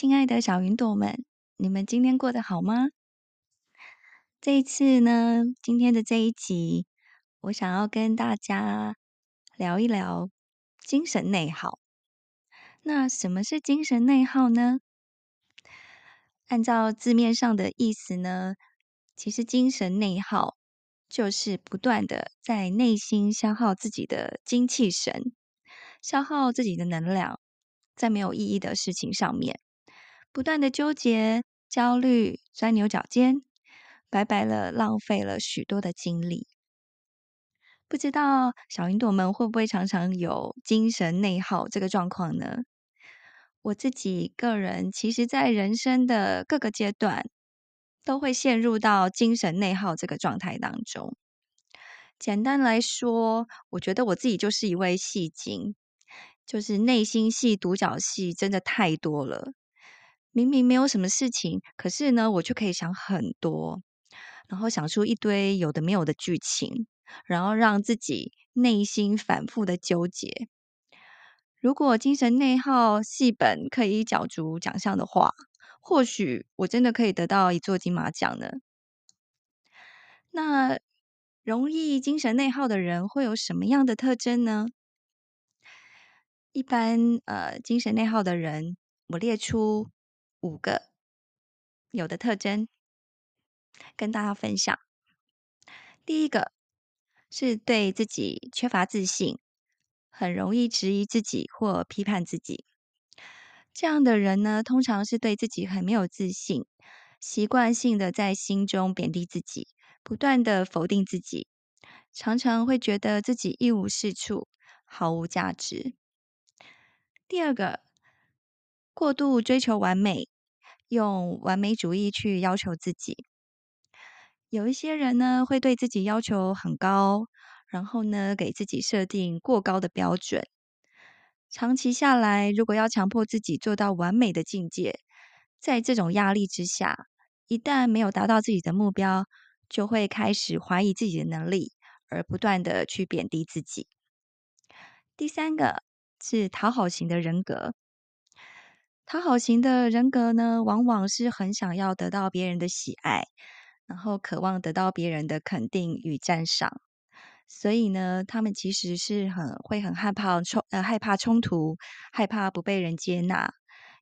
親愛的小雲朵們，你們今天過得好嗎？這一次呢，今天的這一集，我想要跟大家聊一聊精神內耗。那什麼是精神內耗呢？按照字面上的意思呢，其實精神內耗就是不斷的在內心消耗自己的精氣神，消耗自己的能量，在沒有意義的事情上面。不斷的糾結、焦慮、鑽牛角尖，白白的浪費了許多的精力。不知道小雲朵們會不會常常有精神內耗這個狀況呢？我自己個人，其實，在人生的各個階段，都會陷入到精神內耗這個狀態當中。簡單來說，我覺得我自己就是一位戲精，就是內心戲、獨角戲真的太多了。明明沒有什麼事情，可是呢，我卻可以想很多，然後想出一堆有的沒有的劇情，然後讓自己內心反覆的糾結。如果精神內耗戲本可以角逐獎項的話，或許我真的可以得到一座金馬獎呢。那容易精神內耗的人會有什麼樣的特徵呢？一般呃，精神內耗的人，我列出。五個有的特徵跟大家分享。第一個是對自己缺乏自信，很容易質疑自己或批判自己。這樣的人呢，通常是對自己很沒有自信，習慣性的在心中貶低自己，不斷的否定自己，常常會覺得自己一無是處，毫無價值。第二個。過度追求完美，用完美主義去要求自己。有一些人呢，會對自己要求很高，然後呢，給自己設定過高的標準。長期下來，如果要強迫自己做到完美的境界，在這種壓力之下，一旦沒有達到自己的目標，就會開始懷疑自己的能力，而不斷的去貶低自己。第三個是討好型的人格。討好型的人格呢，往往是很想要得到別人的喜愛，然後渴望得到別人的肯定與讚賞，所以呢，他們其實是很會很害怕衝，呃，害怕衝突，害怕不被人接納，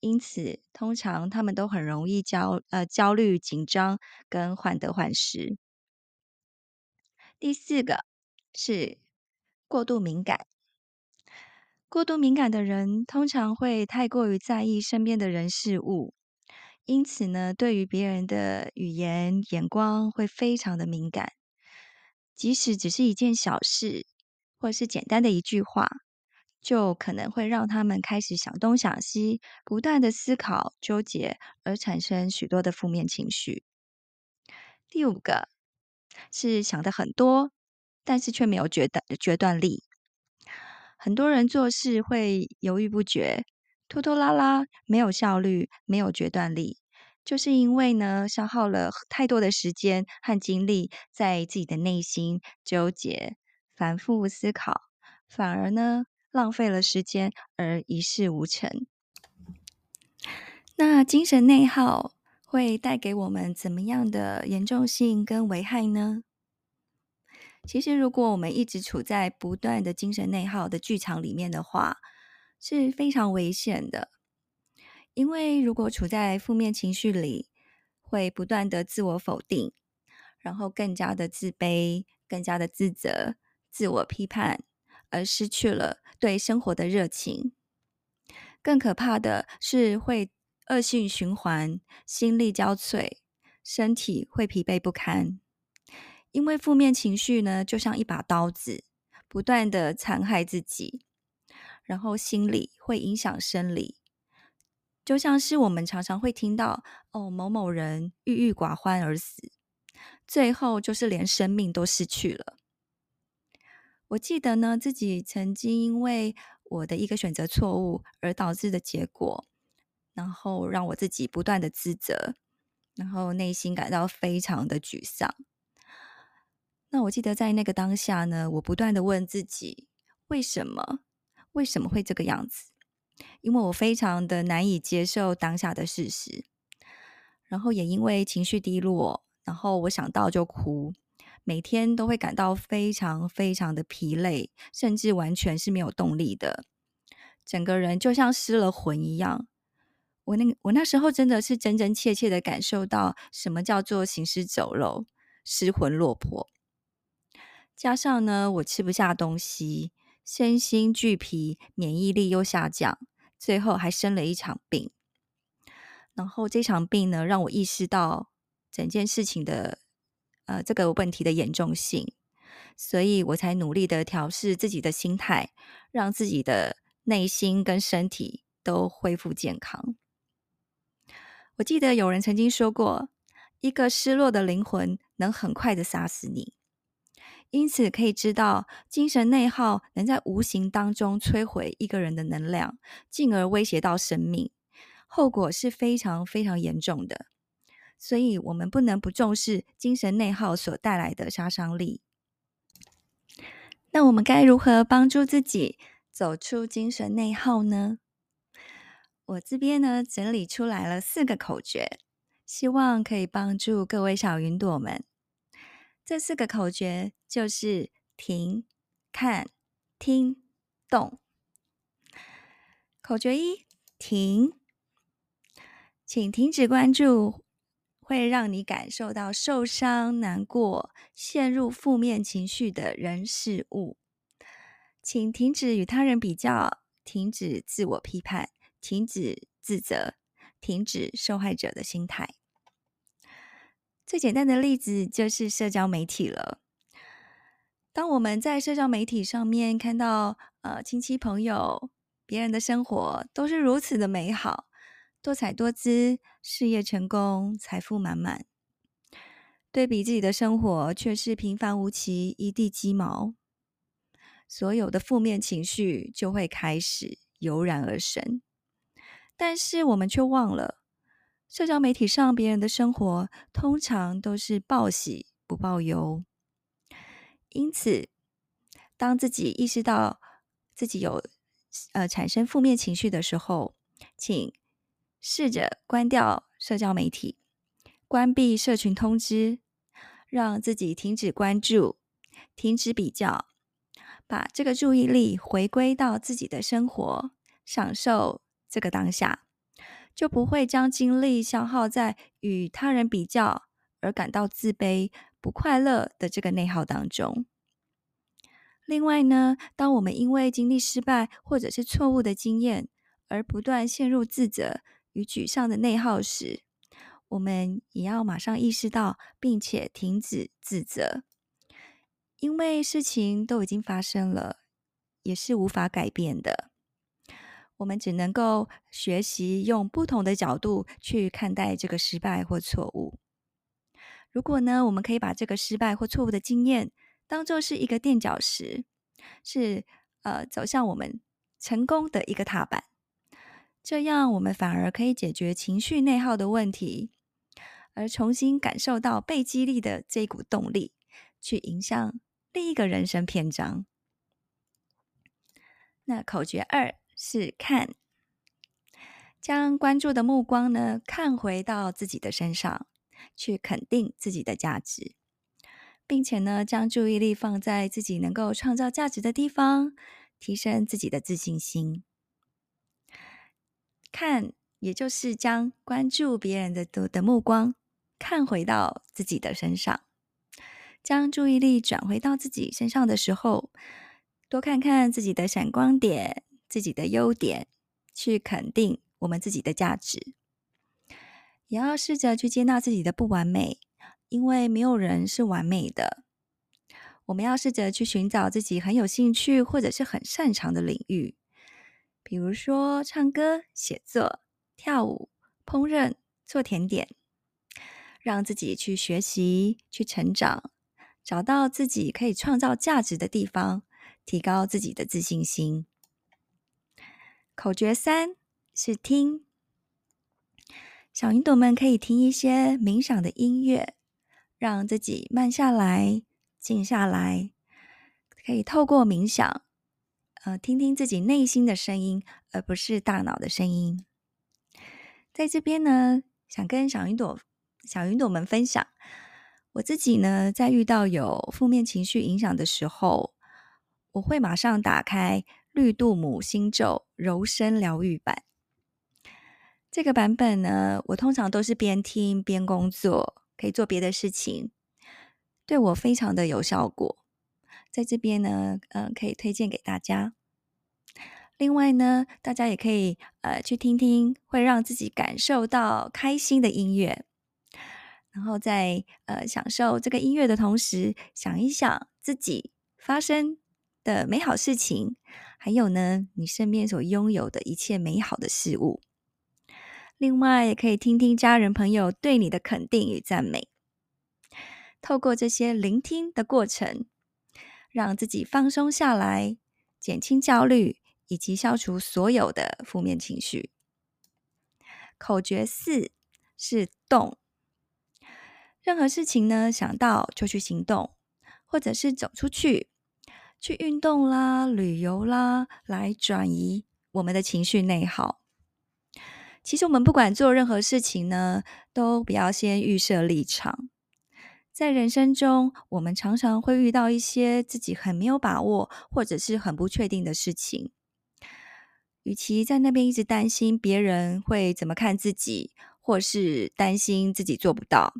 因此通常他們都很容易焦，呃，焦慮、緊張跟患得患失。第四個是過度敏感。過度敏感的人通常會太過於在意身邊的人事物，因此呢，對於別人的語言、眼光會非常的敏感。即使只是一件小事，或是簡單的一句話，就可能會讓他們開始想東想西，不斷的思考、糾結，而產生許多的負面情緒。第五個是想的很多，但是卻沒有決斷決斷力。很多人做事會猶豫不決、拖拖拉拉，沒有效率，沒有決斷力，就是因為呢，消耗了太多的時間和精力在自己的內心糾結、反覆思考，反而呢，浪費了時間而一事無成。那精神內耗會帶給我們怎麼樣的嚴重性跟危害呢？其實，如果我們一直處在不斷的精神內耗的劇場裡面的話，是非常危險的。因為如果處在負面情緒裡，會不斷的自我否定，然後更加的自卑、更加的自責、自我批判，而失去了對生活的熱情。更可怕的是會惡性循環，心力交瘁，身體會疲憊不堪。因為負面情緒呢，就像一把刀子，不斷的殘害自己，然後心理會影響生理，就像是我們常常會聽到，哦，某某人鬱鬱寡歡而死，最後就是連生命都失去了。我記得呢，自己曾經因為我的一個選擇錯誤而導致的結果，然後讓我自己不斷的自責，然後內心感到非常的沮喪。那我記得在那個當下呢，我不斷的問自己，為什麼為什麼會這個樣子？因為我非常的難以接受當下的事實，然後也因為情緒低落，然後我想到就哭，每天都會感到非常非常的疲累，甚至完全是沒有動力的，整個人就像失了魂一樣。我那我那時候真的是真真切切的感受到什麼叫做行屍走肉、失魂落魄。加上呢，我吃不下東西，身心俱疲，免疫力又下降，最後還生了一場病。然後這場病呢，讓我意識到整件事情的，呃，這個問題的嚴重性，所以我才努力地調試自己的心態，讓自己的內心跟身體都恢復健康。我記得有人曾經說過，一個失落的靈魂能很快地殺死你。因此，可以知道精神內耗能在無形當中摧毀一個人的能量，進而威脅到生命，後果是非常非常嚴重的。所以，我們不能不重視精神內耗所帶來的殺傷力。那我們該如何幫助自己走出精神內耗呢？我這邊呢，整理出來了四個口訣，希望可以幫助各位小雲朵們。這四個口訣就是：停、看、聽、懂。口訣一：停，請停止關注會讓你感受到受傷、難過、陷入負面情緒的人事物。請停止與他人比較，停止自我批判，停止自責，停止受害者的心態。最簡單的例子就是社交媒體了。當我們在社交媒體上面看到，呃，親戚朋友，別人的生活都是如此的美好、多彩多姿，事業成功、財富滿滿，對比自己的生活卻是平凡無奇、一地雞毛，所有的負面情緒就會開始油然而生。但是我們卻忘了，社交媒體上別人的生活通常都是報喜不報憂，因此，當自己意識到自己有呃產生負面情緒的時候，請試着關掉社交媒體，關閉社群通知，讓自己停止關注，停止比較，把這個注意力回歸到自己的生活，享受這個當下。就不會將精力消耗在與他人比較而感到自卑、不快樂的這個內耗當中。另外呢，當我們因為經歷失敗或者是錯誤的經驗而不斷陷入自責與沮喪的內耗時，我們也要馬上意識到，並且停止自責，因為事情都已經發生了，也是無法改變的。我們只能夠學習用不同的角度去看待這個失敗或錯誤。如果呢，我們可以把這個失敗或錯誤的經驗當做是一個墊腳石，是呃走向我們成功的一個踏板，這樣我們反而可以解決情緒內耗的問題，而重新感受到被激勵的這股動力，去迎向另一個人生篇章。那口訣二。是看，將關注的目光呢，看回到自己的身上，去肯定自己的價值，並且呢將注意力放在自己能夠創造價值的地方，提升自己的自信心。看，也就是將關注別人的的的目光看回到自己的身上，將注意力轉回到自己身上的時候，多看看自己的閃光點。自己的優點，去肯定我們自己的價值，也要試着去接納自己的不完美，因為沒有人是完美的。我們要試着去尋找自己很有興趣或者是很擅長的領域，比如說唱歌、寫作、跳舞、烹飪、做甜點，讓自己去學習、去成長，找到自己可以創造價值的地方，提高自己的自信心。口訣三是聽，小雲朵們可以聽一些冥想的音樂，讓自己慢下來、靜下來。可以透過冥想，呃，聽聽自己內心的聲音，而不是大腦的聲音。在這邊呢，想跟小雲朵、小雲朵們分享，我自己呢，在遇到有負面情緒影響的時候，我會馬上打開。綠度母心咒柔聲療癒版，這個版本呢，我通常都是邊聽邊工作，可以做別的事情，對我非常的有效果。在這邊呢，嗯、呃，可以推薦給大家。另外呢，大家也可以呃去聽聽會讓自己感受到開心的音樂，然後在呃享受這個音樂的同時，想一想自己發生的美好事情，還有呢，你身邊所擁有的一切美好的事物。另外，也可以聽聽家人朋友對你的肯定與讚美。透過這些聆聽的過程，讓自己放鬆下來，減輕焦慮，以及消除所有的負面情緒。口訣四，是動。任何事情呢，想到就去行動，或者是走出去。去運動啦，旅遊啦，來轉移我們的情緒內耗。其實我們不管做任何事情呢，都不要先預設立場。在人生中，我們常常會遇到一些自己很沒有把握，或者是很不確定的事情。與其在那邊一直擔心別人會怎麼看自己，或是擔心自己做不到。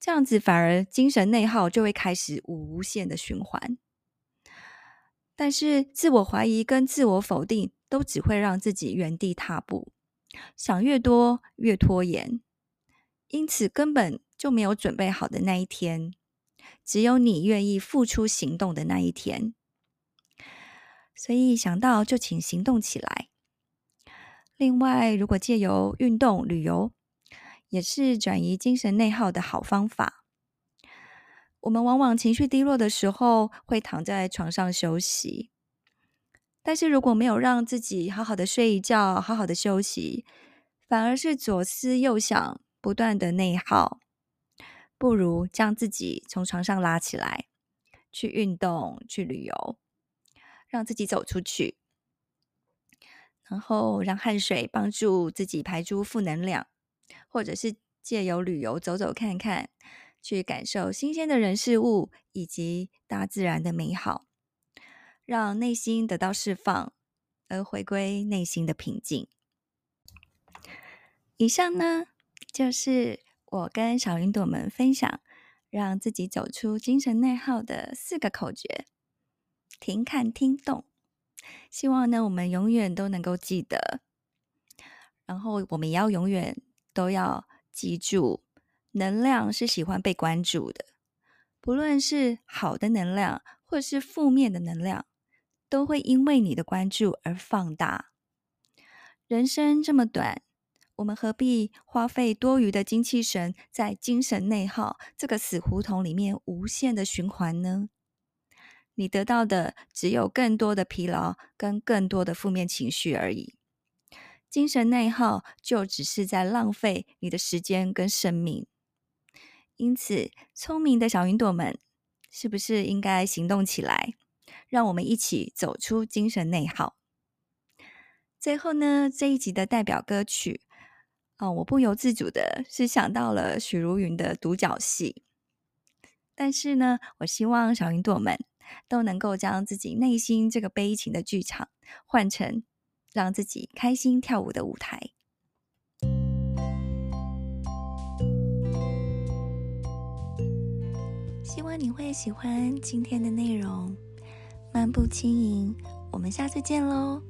這樣子反而精神內耗就會開始無限的循環。但是，自我懷疑跟自我否定都只會讓自己原地踏步，想越多越拖延，因此根本就沒有準備好的那一天。只有你願意付出行動的那一天。所以，想到就請行動起來。另外，如果借由運動、旅遊，也是轉移精神內耗的好方法。我們往往情緒低落的時候，會躺在床上休息。但是如果沒有讓自己好好的睡一覺，好好的休息，反而是左思右想，不斷的內耗，不如將自己從床上拉起來，去運動，去旅遊，讓自己走出去，然後讓汗水幫助自己排出負能量，或者是借由旅遊走走看看。去感受新鮮的人事物以及大自然的美好，讓內心得到釋放，而回歸內心的平靜。以上呢，就是我跟小雲朵們分享讓自己走出精神內耗的四個口訣：停、看、聽、動。希望呢，我們永遠都能夠記得，然後我們也要永遠都要記住。能量是喜歡被關注的，不論是好的能量或是負面的能量，都會因為你的關注而放大。人生這麼短，我們何必花費多餘的精氣神在精神內耗這個死胡同裡面無限的循環呢？你得到的只有更多的疲勞跟更多的負面情緒而已。精神內耗就只是在浪費你的時間跟生命。因此，聰明的小雲朵們，是不是應該行動起來，讓我們一起走出精神內耗？最後呢，這一集的代表歌曲，啊、哦，我不由自主的是想到了許茹芸的《獨角戲》，但是呢，我希望小雲朵們都能夠將自己內心這個悲情的劇場，換成讓自己開心跳舞的舞臺。希望你會喜歡今天的內容，漫步輕盈，我們下次見嘍。